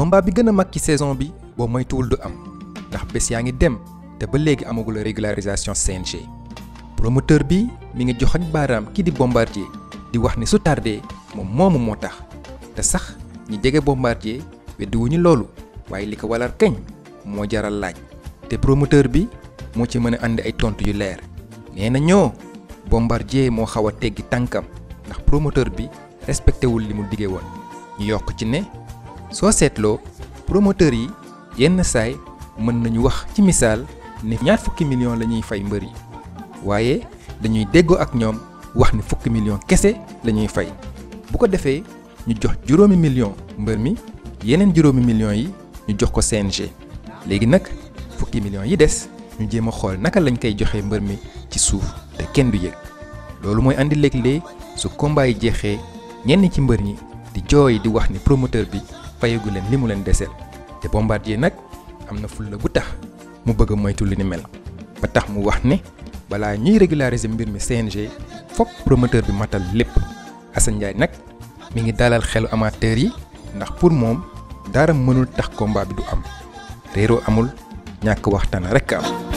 combat bi gëna mak ci saison bi bo moytuwul du am ndax bes ya ngi dem te ba légui amagul régularisation CNG promoteur bi mi ngi joxañ baram ki di bombardier di wax ni su tardé mom momu motax te sax ñi bombardier wéddu wuñu lolu waye liko walar kañ mo jaral laaj te promoteur bi mo ci mëna andi ay tontu yu lèr néna bombardier mo xawa téggi tankam ndax promoteur bi respecté wul limu diggé won ñu yok ci né soo seetloo promoteur yi yenn saay mën nañu wax ci misaal ni ñaar fukki million la ñuy fay mbër yi waaye dañuy déggoo ak ñoom wax ni fukki million kese la ñuy fay bu ko defee ñu jox juróomi million mbër mi yeneen juróomi million yi ñu jox ko CNG léegi nag fukki million yi des ñu jéem a xool naka lañ koy joxee mbër mi ci suuf te kenn du yëg loolu mooy indi léeg-léeg su combat yi jeexee ñenn ci mbër ñi di jooy di wax ni promoteur bi fayagu len limu len dessel te bombardier nak amna na fulla bu tax mu bëgg moytu li ni mel ba tax mu wax ne bala ñuy régulariser mbir mi CNG fop promoteur bi matal lepp Hassan Ndiaye nak mi ngi dalal xelu amateur yi ndax pour mom dara mënul tax combat bi du am réeroo amul ñak waxtana rek am